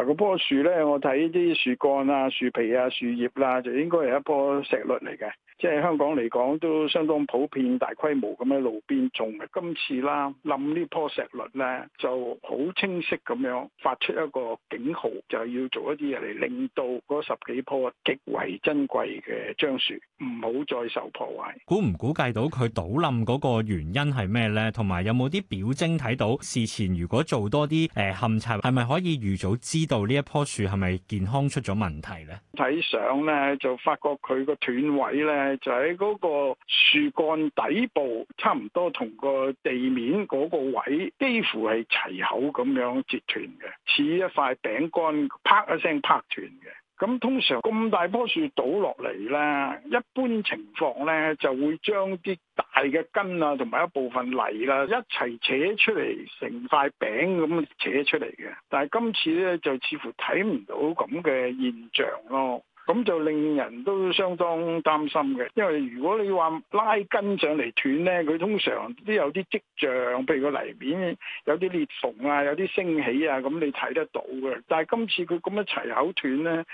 嗱，個棵樹咧，我睇啲樹幹啊、樹皮啊、樹葉啦，就應該係一棵石栗嚟嘅。即係香港嚟講，都相當普遍、大規模咁喺路邊種嘅。今次啦，冧呢棵石栗咧，就好清晰咁樣發出一個警號，就係要做一啲嘢嚟令到嗰十幾棵極為珍貴嘅樟樹唔好再受破壞。估唔估計到佢倒冧嗰個原因係咩咧？同埋有冇啲表徵睇到事前如果做多啲誒勘察，係咪可以預早知道呢一棵樹係咪健康出咗問題咧？睇相咧就發覺佢個斷位咧。就喺嗰個樹幹底部，差唔多同個地面嗰個位，幾乎係齊口咁樣截斷嘅，似一塊餅乾，啪一聲啪斷嘅。咁通常咁大棵樹倒落嚟咧，一般情況咧就會將啲大嘅根啊，同埋一部分泥啦，一齊扯出嚟成塊餅咁扯出嚟嘅。但係今次咧就似乎睇唔到咁嘅現象咯。咁就令人都相當擔心嘅，因為如果你話拉根上嚟斷呢，佢通常都有啲跡象，譬如個泥面有啲裂縫啊，有啲升起啊，咁你睇得到嘅。但係今次佢咁樣齊口斷呢，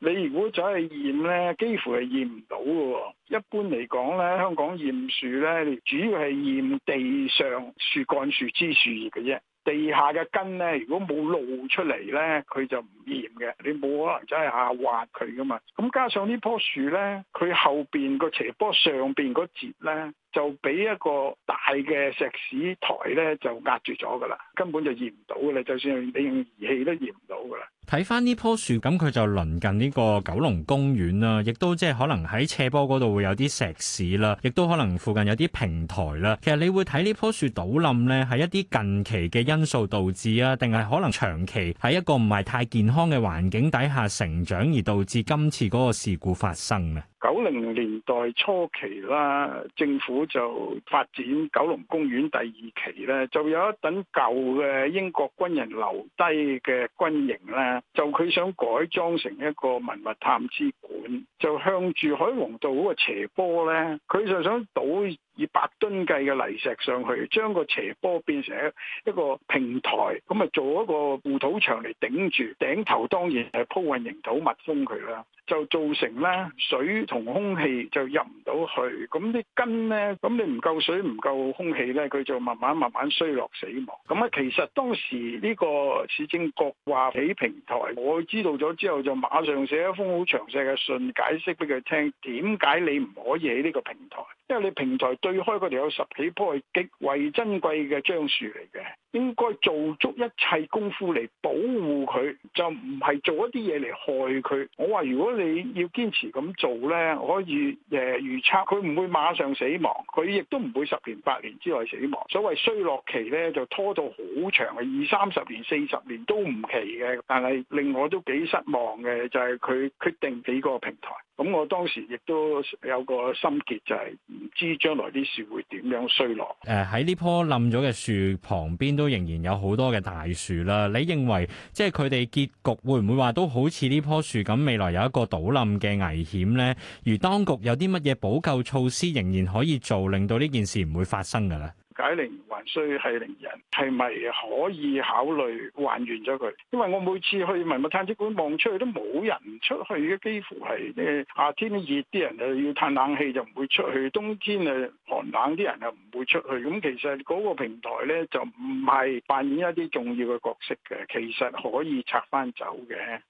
你如果走去驗呢，幾乎係驗唔到嘅。一般嚟講呢，香港驗樹呢，主要係驗地上樹幹、樹枝、樹葉嘅啫。地下嘅根咧，如果冇露出嚟咧，佢就唔驗嘅。你冇可能真係下挖佢噶嘛？咁加上呢棵樹咧，佢後邊個斜坡上邊個節咧，就俾一個大嘅石屎台咧就壓住咗噶啦，根本就驗唔到噶啦。就算你用儀器都驗唔到噶啦。睇翻呢棵樹，咁佢就鄰近呢個九龍公園啦，亦都即係可能喺斜坡嗰度會有啲石屎啦，亦都可能附近有啲平台啦。其實你會睇呢棵樹倒冧咧，係一啲近期嘅因素導致啊，定係可能長期喺一個唔係太健康嘅環境底下成長而導致今次嗰個事故發生咧？零年代初期啦，政府就發展九龍公園第二期咧，就有一等舊嘅英國軍人留低嘅軍營咧，就佢想改裝成一個文物探知館，就向住海皇道嗰個斜坡咧，佢就想倒。以百噸計嘅泥石上去，將個斜坡變成一個平台，咁啊做一個護土牆嚟，頂住，頂頭當然係鋪混凝土密封佢啦，就造成咧水同空氣就入唔到去，咁啲根咧，咁你唔夠水唔夠空氣咧，佢就慢慢慢慢衰落死亡。咁啊，其實當時呢個市政局話起平台，我知道咗之後就馬上寫一封好詳細嘅信解釋俾佢聽，點解你唔可以起呢個平台？因為你平台對開嗰度有十幾棵係極為珍貴嘅樟樹嚟嘅，應該做足一切功夫嚟保護佢，就唔係做一啲嘢嚟害佢。我話如果你要堅持咁做咧，我可以誒預測佢唔會馬上死亡，佢亦都唔會十年八年之內死亡。所謂衰落期呢，就拖到好長嘅二三十年、四十年都唔奇嘅。但係令我都幾失望嘅就係、是、佢決定幾個平台。咁我當時亦都有個心結，就係唔知將來啲樹會點樣衰落。誒、呃，喺呢棵冧咗嘅樹旁邊都仍然有好多嘅大樹啦。你認為即係佢哋結局會唔會話都好似呢棵樹咁，未來有一個倒冧嘅危險呢？而當局有啲乜嘢補救措施仍然可以做，令到呢件事唔會發生㗎喇？解鈴還需繫鈴人，係咪可以考慮還原咗佢？因為我每次去文物探知館望出去都冇人出去嘅，幾乎係呢夏天熱啲人啊要嘆冷氣就唔會出去，冬天啊寒冷啲人又唔會出去。咁其實嗰個平台咧就唔係扮演一啲重要嘅角色嘅，其實可以拆返走嘅。